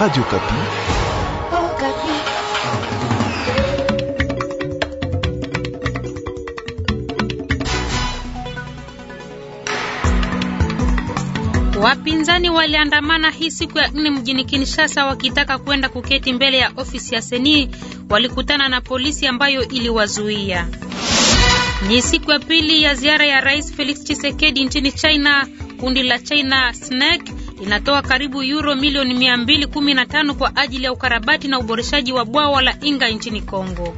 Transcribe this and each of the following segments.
Radio Kapi. Oh, Kapi. Wapinzani waliandamana hii siku ya nne mjini Kinshasa wakitaka kwenda kuketi mbele ya ofisi ya Seni. Walikutana na polisi ambayo iliwazuia. Ni siku ya pili ya ziara ya Rais Felix Tshisekedi nchini China. Kundi la China Snack inatoa karibu euro milioni 215 kwa ajili ya ukarabati na uboreshaji wa bwawa la Inga nchini Kongo.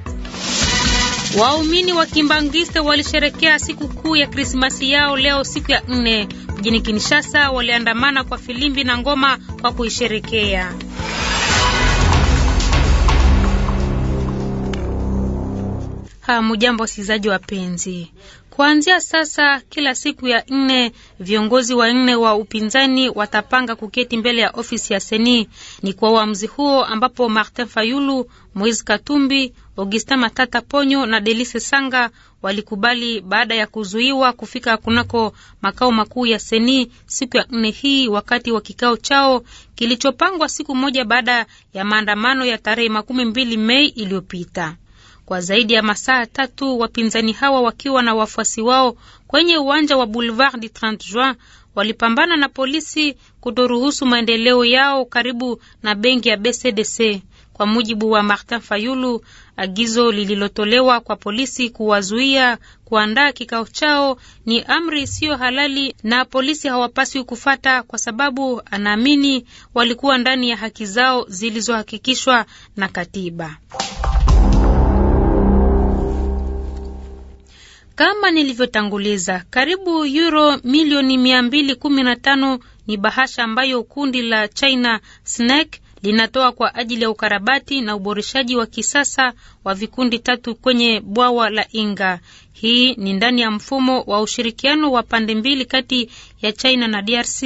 Waumini wa Kimbangiste walisherekea siku kuu ya Krismasi yao leo siku ya nne. Mjini Kinshasa waliandamana kwa filimbi na ngoma kwa kuisherekea. Hamujambo wasikilizaji wapenzi, Kuanzia sasa kila siku ya nne viongozi wanne wa upinzani watapanga kuketi mbele ya ofisi ya Seni. Ni kwa uamuzi huo ambapo Martin Fayulu, Moise Katumbi, Augustin Matata Ponyo na Delice Sanga walikubali baada ya kuzuiwa kufika kunako makao makuu ya Seni siku ya nne hii wakati wa kikao chao kilichopangwa siku moja baada ya maandamano ya tarehe makumi mbili Mei iliyopita kwa zaidi ya masaa tatu, wapinzani hawa wakiwa na wafuasi wao kwenye uwanja wa Boulevard du 30 Juin walipambana na polisi kutoruhusu maendeleo yao karibu na benki ya BCDC. Kwa mujibu wa Martin Fayulu, agizo lililotolewa kwa polisi kuwazuia kuandaa kikao chao ni amri isiyo halali na polisi hawapaswi kufata, kwa sababu anaamini walikuwa ndani ya haki zao zilizohakikishwa na katiba. Kama nilivyotanguliza, karibu euro milioni mia mbili kumi na tano ni bahasha ambayo kundi la China Snack linatoa kwa ajili ya ukarabati na uboreshaji wa kisasa wa vikundi tatu kwenye bwawa la Inga. Hii ni ndani ya mfumo wa ushirikiano wa pande mbili kati ya China na DRC.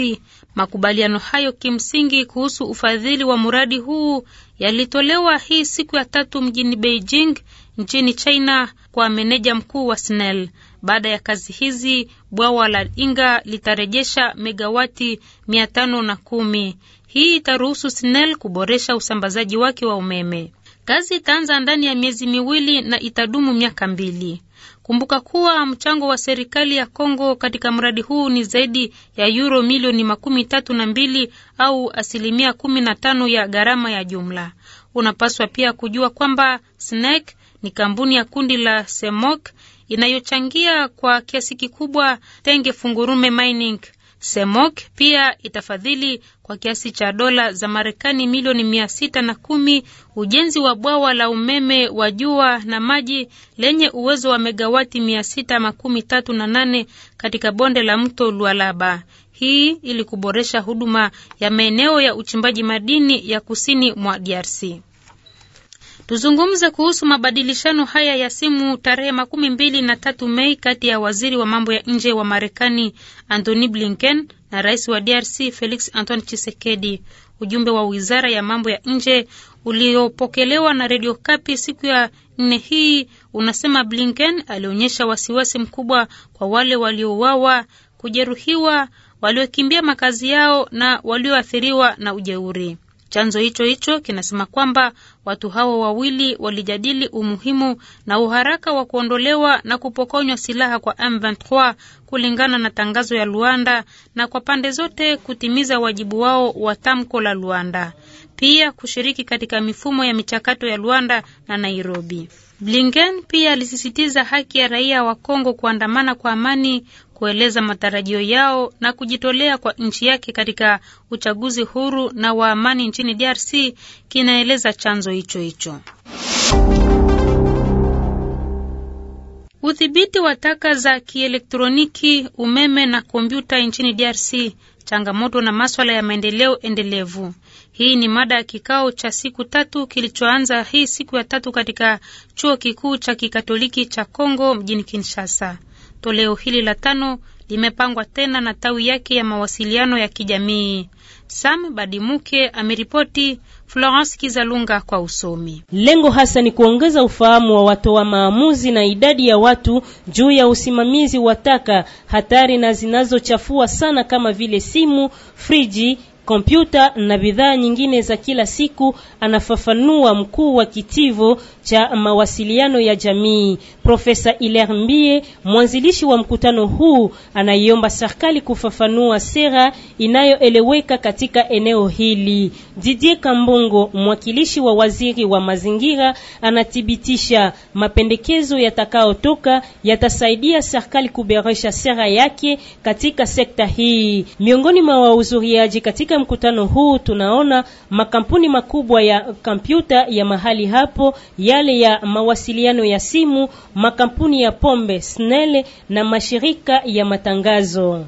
Makubaliano hayo kimsingi kuhusu ufadhili wa mradi huu yalitolewa hii siku ya tatu mjini Beijing nchini China kwa meneja mkuu wa SNEL. Baada ya kazi hizi, bwawa la Inga litarejesha megawati mia tano na kumi. Hii itaruhusu SNEL kuboresha usambazaji wake wa umeme. Kazi itaanza ndani ya miezi miwili na itadumu miaka mbili. Kumbuka kuwa mchango wa serikali ya Kongo katika mradi huu ni zaidi ya yuro milioni makumi tatu na mbili au asilimia kumi na tano ya gharama ya jumla. Unapaswa pia kujua kwamba SNEC ni kampuni ya kundi la SEMOK inayochangia kwa kiasi kikubwa Tenge Fungurume Mining. SEMOK pia itafadhili kwa kiasi cha dola za Marekani milioni mia sita na kumi ujenzi wa bwawa la umeme wa jua na maji lenye uwezo wa megawati mia sita makumi tatu na nane katika bonde la mto Lualaba. Hii ili kuboresha huduma ya maeneo ya uchimbaji madini ya kusini mwa DRC. Tuzungumze kuhusu mabadilishano haya ya simu tarehe makumi mbili na tatu Mei kati ya waziri wa mambo ya nje wa Marekani Antony Blinken na rais wa DRC Felix Antoine chisekedi Ujumbe wa wizara ya mambo ya nje uliopokelewa na redio Kapi siku ya nne hii unasema Blinken alionyesha wasiwasi mkubwa kwa wale waliouawa, kujeruhiwa, waliokimbia makazi yao na walioathiriwa na ujeuri. Chanzo hicho hicho kinasema kwamba watu hao wawili walijadili umuhimu na uharaka wa kuondolewa na kupokonywa silaha kwa M23 kulingana na tangazo ya Luanda na kwa pande zote kutimiza wajibu wao wa tamko la Luanda. Pia kushiriki katika mifumo ya michakato ya Luanda na Nairobi. Blinken pia alisisitiza haki ya raia wa Kongo kuandamana kwa amani, kueleza matarajio yao na kujitolea kwa nchi yake katika uchaguzi huru na wa amani nchini DRC, kinaeleza chanzo hicho hicho. Udhibiti wa taka za kielektroniki, umeme na kompyuta nchini DRC changamoto na maswala ya maendeleo endelevu. Hii ni mada ya kikao cha siku tatu kilichoanza hii siku ya tatu katika chuo kikuu cha kikatoliki cha Kongo mjini Kinshasa. Toleo hili la tano limepangwa tena na tawi yake ya mawasiliano ya kijamii. Sam Badimuke ameripoti Florence Kizalunga kwa usomi. Lengo hasa ni kuongeza ufahamu wa watoa maamuzi na idadi ya watu juu ya usimamizi wa taka, hatari na zinazochafua sana kama vile simu, friji kompyuta na bidhaa nyingine za kila siku, anafafanua mkuu wa kitivo cha mawasiliano ya jamii Profesa Hilaire Mbie, mwanzilishi wa mkutano huu, anaiomba serikali kufafanua sera inayoeleweka katika eneo hili. Didier Kambongo, mwakilishi wa waziri wa mazingira, anathibitisha mapendekezo yatakayotoka yatasaidia serikali kuboresha sera yake katika sekta hii. Miongoni mwa wahudhuriaji katika katika mkutano huu tunaona makampuni makubwa ya kompyuta ya mahali hapo, yale ya mawasiliano ya simu, makampuni ya pombe Snele na mashirika ya matangazo.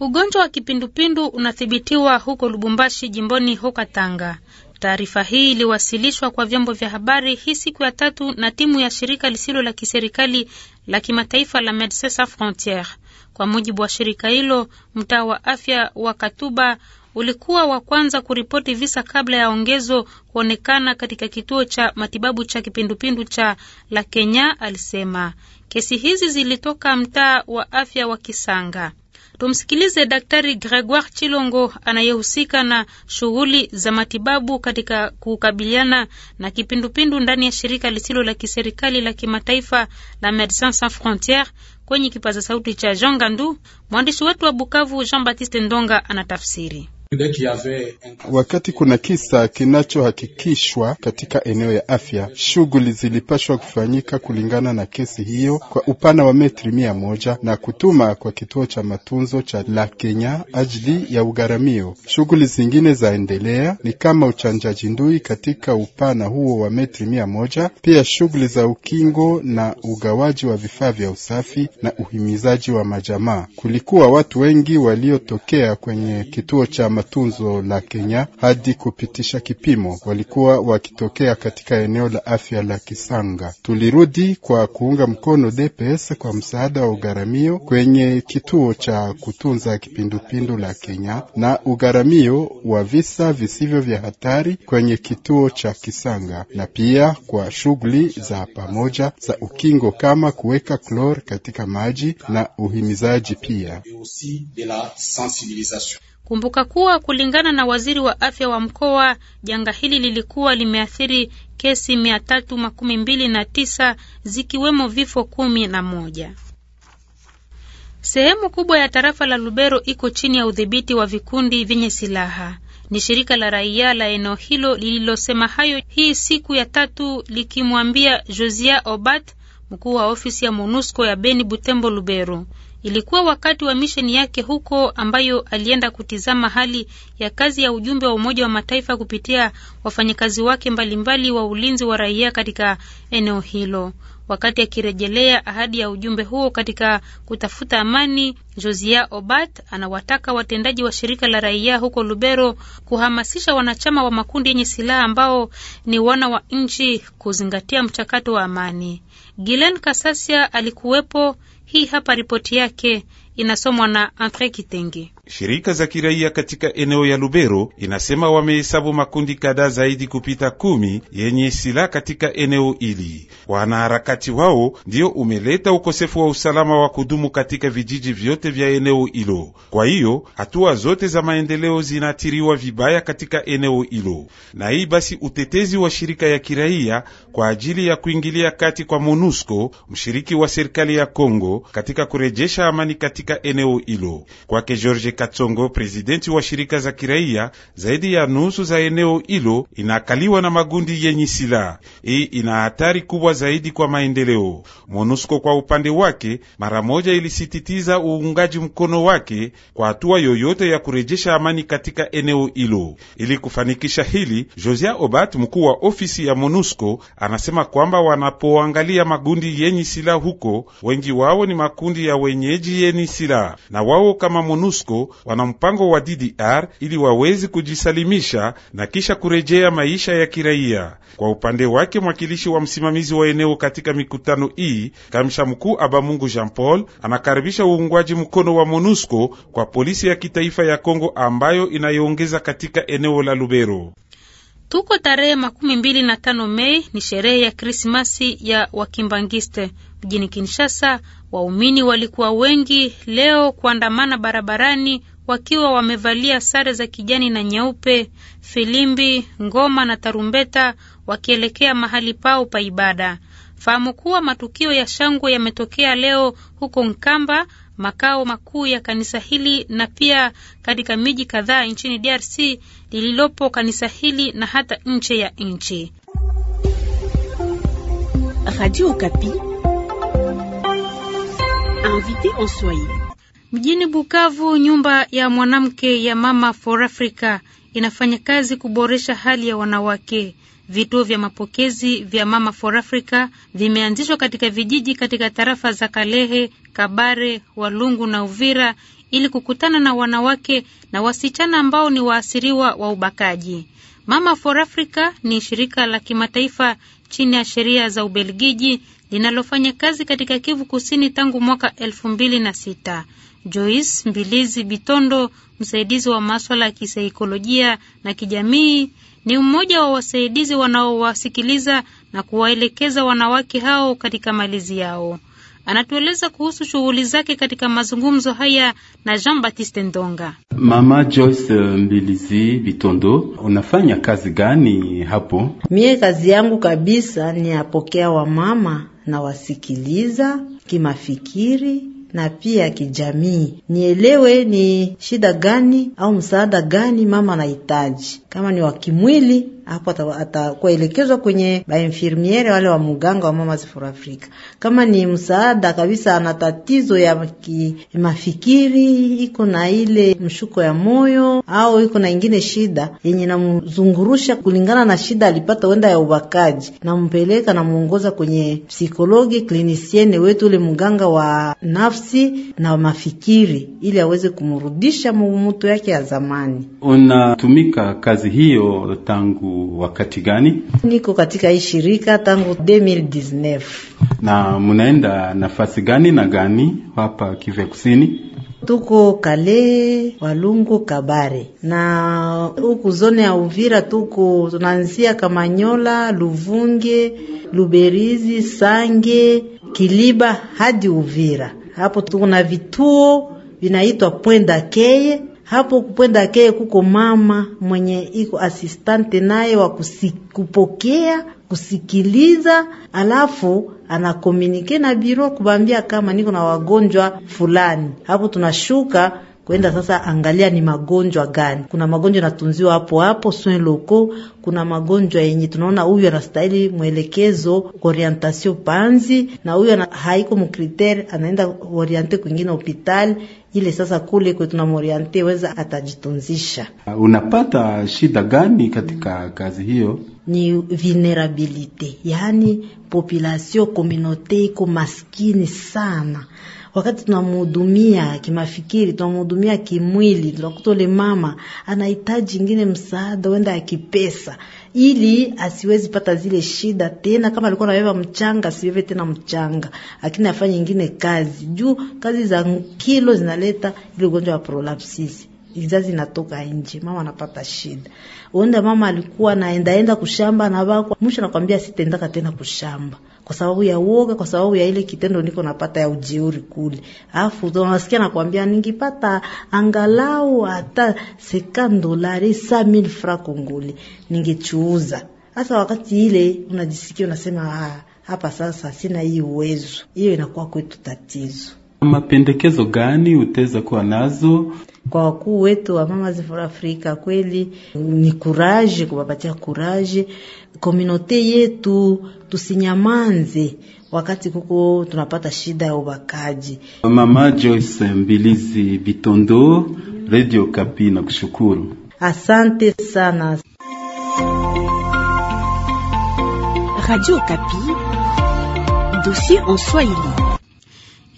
Ugonjwa wa kipindupindu unathibitiwa huko Lubumbashi jimboni huko Tanga. Taarifa hii iliwasilishwa kwa vyombo vya habari hii siku ya tatu na timu ya shirika lisilo la kiserikali la kimataifa la Medecins Sans Frontieres. Kwa mujibu wa shirika hilo, mtaa wa afya wa Katuba ulikuwa wa kwanza kuripoti visa kabla ya ongezo kuonekana katika kituo cha matibabu cha kipindupindu cha La Kenya, alisema. Kesi hizi zilitoka mtaa wa afya wa Kisanga. Tumsikilize Daktari Gregoire Chilongo anayehusika na shughuli za matibabu katika kukabiliana na kipindupindu ndani ya shirika lisilo la kiserikali la kimataifa la Medecins Sans Frontieres kwenye kipaza sauti cha Jean Gandu. Mwandishi wetu wa Bukavu Jean Baptiste Ndonga anatafsiri. Wakati kuna kisa kinachohakikishwa katika eneo ya afya, shughuli zilipashwa kufanyika kulingana na kesi hiyo kwa upana wa metri mia moja na kutuma kwa kituo cha matunzo cha la Kenya ajili ya ugharamio. Shughuli zingine zaendelea ni kama uchanjaji ndui katika upana huo wa metri mia moja, pia shughuli za ukingo na ugawaji wa vifaa vya usafi na uhimizaji wa majamaa. Kulikuwa watu wengi waliotokea kwenye kituo cha tunzo la Kenya hadi kupitisha kipimo. Walikuwa wakitokea katika eneo la afya la Kisanga. Tulirudi kwa kuunga mkono DPS kwa msaada wa ugharamio kwenye kituo cha kutunza kipindupindu la Kenya na ugharamio wa visa visivyo vya hatari kwenye kituo cha Kisanga na pia kwa shughuli za pamoja za ukingo kama kuweka klor katika maji na uhimizaji pia. Kumbuka kuwa kulingana na waziri wa afya wa mkoa, janga hili lilikuwa limeathiri kesi mia tatu makumi mbili na tisa zikiwemo vifo kumi na moja. Sehemu kubwa ya tarafa la Lubero iko chini ya udhibiti wa vikundi vyenye silaha. Ni shirika la raia la eneo hilo lililosema hayo hii siku ya tatu likimwambia Josia Obat, mkuu wa ofisi ya MONUSCO ya Beni, Butembo, Lubero. Ilikuwa wakati wa misheni yake huko ambayo alienda kutizama hali ya kazi ya ujumbe wa Umoja wa Mataifa kupitia wafanyakazi wake mbalimbali wa ulinzi wa raia katika eneo hilo. Wakati akirejelea ahadi ya ujumbe huo katika kutafuta amani, Josia Obat anawataka watendaji wa shirika la raia huko Lubero kuhamasisha wanachama wa makundi yenye silaha ambao ni wana wa nchi kuzingatia mchakato wa amani. Gilen Kasasia alikuwepo. Hii hapa ripoti yake, inasomwa na Andre Kitenge. Shirika za kiraia katika eneo ya Lubero inasema wamehesabu makundi kadhaa zaidi kupita kumi yenye silaha katika eneo hili. Wanaharakati wao ndio umeleta ukosefu wa usalama wa kudumu katika vijiji vyote vya eneo hilo. Kwa hiyo hatua zote za maendeleo zinaathiriwa vibaya katika eneo hilo, na hii basi utetezi wa shirika ya kiraia kwa ajili ya kuingilia kati kwa MONUSCO mshiriki wa serikali ya Kongo katika kurejesha amani katika eneo hilo kwake George katongo prezidenti wa shirika za kiraia, zaidi ya nusu za eneo hilo inakaliwa na magundi yenye silaha. Hii ina hatari kubwa zaidi kwa maendeleo. MONUSCO kwa upande wake, mara moja ilisititiza uungaji mkono wake kwa hatua yoyote ya kurejesha amani katika eneo hilo. Ili kufanikisha hili, Josia Obat, mkuu wa ofisi ya MONUSCO, anasema kwamba wanapoangalia magundi yenye silaha huko, wengi wao ni makundi ya wenyeji yenye silaha na wao kama MONUSCO wana mpango wa DDR ili wawezi kujisalimisha na kisha kurejea maisha ya kiraia. Kwa upande wake, mwakilishi wa msimamizi wa eneo katika mikutano hii, kamsha mkuu Abamungu Jean Paul, anakaribisha uungwaji mkono wa MONUSCO kwa polisi ya kitaifa ya Kongo ambayo inayoongeza katika eneo la Lubero. Tuko tarehe makumi mbili na tano Mei, ni sherehe ya Krismasi ya Wakimbangiste. Mjini Kinshasa, waumini walikuwa wengi leo kuandamana barabarani wakiwa wamevalia sare za kijani na nyeupe, filimbi, ngoma na tarumbeta, wakielekea mahali pao pa ibada. Fahamu kuwa matukio ya shangwe yametokea leo huko Nkamba, makao makuu ya kanisa hili, na pia katika miji kadhaa nchini DRC lililopo kanisa hili na hata nje ya nchi. Radio Kapi invité en Mjini Bukavu, nyumba ya mwanamke ya Mama for Africa inafanya kazi kuboresha hali ya wanawake. Vituo vya mapokezi vya Mama for Africa vimeanzishwa katika vijiji katika tarafa za Kalehe, Kabare, Walungu na Uvira ili kukutana na wanawake na wasichana ambao ni waasiriwa wa ubakaji. Mama for Africa ni shirika la kimataifa chini ya sheria za Ubelgiji linalofanya kazi katika Kivu Kusini tangu mwaka elfu mbili na sita. Joyce Mbilizi Bitondo, msaidizi wa maswala ya kisaikolojia na kijamii, ni mmoja wa wasaidizi wanaowasikiliza na kuwaelekeza wanawake hao katika malezi yao. Anatueleza kuhusu shughuli zake katika mazungumzo haya na Jean Baptiste Ndonga. Mama Joyce Mbilizi Bitondo, unafanya kazi gani hapo? Mie kazi yangu kabisa ni yapokea wamama nawasikiliza kimafikiri na pia kijamii, nielewe ni shida gani au msaada gani mama anahitaji, kama ni wa kimwili hapo atakuelekezwa kwenye bainfirmiere wale wa muganga wa Mama's for Africa. Kama ni msaada kabisa, ana tatizo ya mafikiri, iko na ile mshuko ya moyo au iko na ingine shida yenye namzungurusha kulingana na shida alipata wenda ya ubakaji, nampeleka namuongoza kwenye psikologi klinisiene wetu ule mganga wa nafsi na mafikiri, ili aweze kumrudisha mumutu yake ya zamani. Unatumika kazi hiyo tangu wakati gani? Niko katika hii shirika tangu 2019. Na munaenda nafasi gani na gani hapa Kivu Kusini? Tuko Kale, Walungu, Kabare na huku zone ya Uvira tuko tunaanzia Kamanyola, Luvunge, Luberizi, Sange, Kiliba hadi Uvira. Hapo tuko na vituo vinaitwa pwenda keye hapo kupwenda kee kuko mama mwenye iko asistante naye wa kupokea kusikiliza, alafu anakomunike na biro kubambia kama niko na wagonjwa fulani, hapo tunashuka kwenda sasa, angalia ni magonjwa gani. Kuna magonjwa yanatunziwa hapo hapo soin loko, kuna magonjwa yenye tunaona huyu anastahili mwelekezo orientation panzi, na huyu haiko mukriteri, anaenda oriente kwingine hospitali ile sasa kule kwe tunamoriente weza atajitunzisha. Uh, unapata shida gani katika kazi hiyo? Ni vulnerabilite, yaani population communaute iko maskini sana wakati tunamhudumia kimafikiri, tunamhudumia kimwili, tunakuta ule mama anahitaji ingine msaada, uenda ya kipesa, ili asiwezi pata zile shida tena. Kama alikuwa anabeba mchanga, asibebe tena mchanga, lakini afanye ingine kazi, juu kazi za kilo zinaleta ile ugonjwa wa prolapsisi izazi natoka nje, mama anapata shida. Onda mama alikuwa naendaenda kushamba na bako, mwisho nakwambia sitendaka tena kushamba kwa sababu ya uoga, kwa sababu ya ile kitendo niko napata ya ujeuri kule. Afu nasikia nakwambia, ningipata angalau hata sekan dolari sa mil fra kongole ningechuuza. Hasa wakati ile unajisikia unasema, ah, hapa sasa sina hii uwezo. Hiyo inakuwa kwetu tatizo. Mapendekezo gani utaweza kuwa nazo kwa wakuu wetu wa Mama for Afrika? Kweli ni kuraji, kuwapatia kuraji kominote yetu, tusinyamanze wakati kuko tunapata shida ya ubakaji. Mama Joyce Mbilizi Bitondo, Radio Kapi na kushukuru, asante sana. Radio Kapi, dossier en Swahili.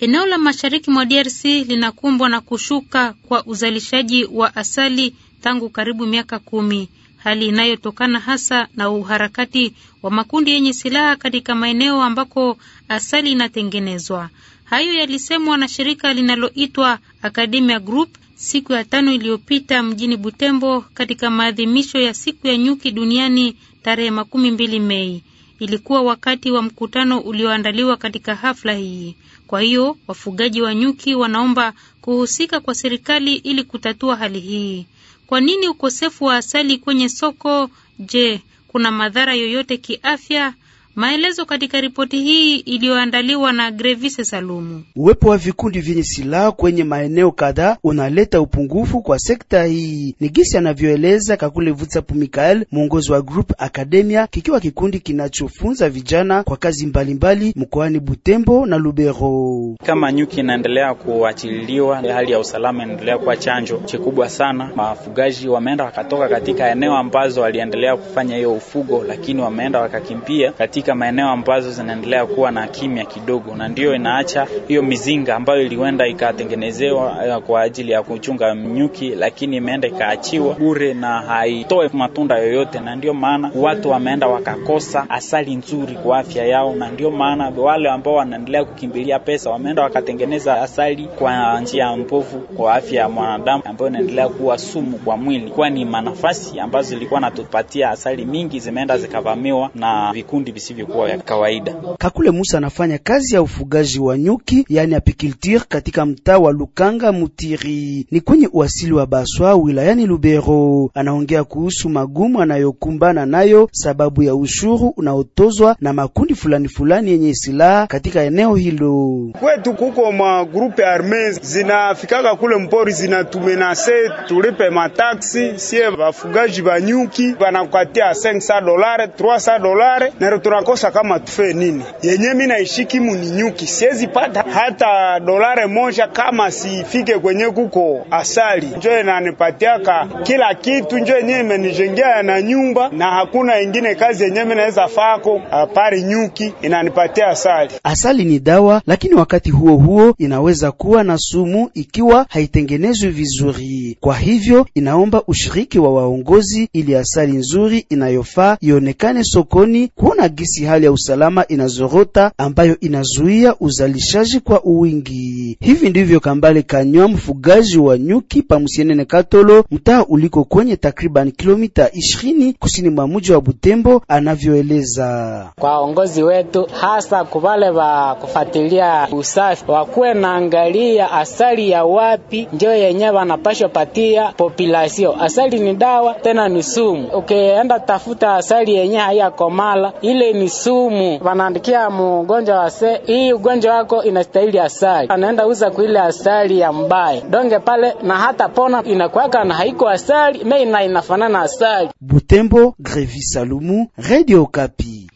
Eneo la mashariki mwa DRC linakumbwa na kushuka kwa uzalishaji wa asali tangu karibu miaka kumi, hali inayotokana hasa na uharakati wa makundi yenye silaha katika maeneo ambako asali inatengenezwa. Hayo yalisemwa na shirika linaloitwa Academia Group siku ya tano iliyopita mjini Butembo katika maadhimisho ya siku ya nyuki duniani tarehe makumi mbili Mei ilikuwa wakati wa mkutano ulioandaliwa katika hafla hii. Kwa hiyo wafugaji wa nyuki wanaomba kuhusika kwa serikali ili kutatua hali hii. Kwa nini ukosefu wa asali kwenye soko? Je, kuna madhara yoyote kiafya? Maelezo katika ripoti hii iliyoandaliwa na Grevise Salumu. Uwepo wa vikundi vyenye silaha kwenye maeneo kadhaa unaleta upungufu kwa sekta hii, ni gisi anavyoeleza Kakule Vutsapu Mikael, mwongozi wa Group Academia, kikiwa kikundi kinachofunza vijana kwa kazi mbalimbali mkoani Butembo na Lubero. Kama nyuki inaendelea kuachiliwa, hali ya usalama inaendelea kuwa chanjo kikubwa sana. Wafugaji wameenda wakatoka katika eneo ambazo waliendelea kufanya hiyo ufugo, lakini wameenda wakakimbia katika katika maeneo ambazo zinaendelea kuwa na kimya kidogo, na ndio inaacha hiyo mizinga ambayo iliwenda ikatengenezewa eh, kwa ajili ya kuchunga nyuki, lakini imeenda ikaachiwa bure na haitoe matunda yoyote, na ndio maana watu wameenda wakakosa asali nzuri kwa afya yao, na ndio maana wale ambao wanaendelea kukimbilia pesa wameenda wakatengeneza asali kwa njia mbovu kwa afya ya mwanadamu, ambayo inaendelea kuwa sumu kwa mwili, kwani manafasi ambazo zilikuwa natupatia asali mingi zimeenda zikavamiwa na vikundi visivyo inazidi kuwa ya kawaida. Kakule Musa anafanya kazi ya ufugaji wa nyuki, yani apiculture katika mtaa wa Lukanga Mutiri, ni kwenye uasili wa Baswa wilayani Lubero. Anaongea kuhusu magumu anayokumbana nayo sababu ya ushuru unaotozwa na makundi fulani fulani yenye silaha katika eneo hilo. Kwetu kuko ma grupe arme zinafikaka kule mpori zinatumenase tulipe mataksi, sie bafugaji banyuki banakukatia 500 dolare 300 dolare na tunakosa kama tufe nini? Yenye mi naishiki muninyuki, siwezi pata hata dolare moja kama sifike kwenye kuko asali, njo inanipatiaka kila kitu, njo yenye imenijengea na nyumba, na hakuna ingine kazi yenye mi naweza fako apari nyuki inanipatia asali. Asali ni dawa, lakini wakati huo huo inaweza kuwa na sumu ikiwa haitengenezwi vizuri. Kwa hivyo inaomba ushiriki wa waongozi ili asali nzuri inayofaa ionekane sokoni kuona jinsi hali ya usalama inazorota ambayo inazuia uzalishaji kwa uwingi. Hivi ndivyo Kambale Kanywa, mfugaji wa nyuki pa Musienene Katolo, mtaa uliko kwenye takriban kilomita ishirini kusini mwa mji wa Butembo, anavyoeleza. Kwa ongozi wetu, hasa kubale wa kufatilia usafi, wakuwe angalia asali ya wapi njio yenye wanapashwa patia populasio. Asali ni dawa, tena ni sumu. Ukienda okay, tafuta asali yenye komala ile ni sumu, wanaandikia mgonjwa wase, hii ugonjwa wako inastahili asali, anaenda uza kuile asali ya mbaye donge pale na hata pona inakwaka na haiko asali na inafanana asali. Butembo, Grevi Salumu, Radio Kapi.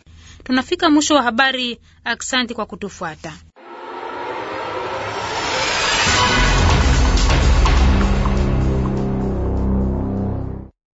Tunafika mwisho wa habari. Aksanti kwa kutufuata.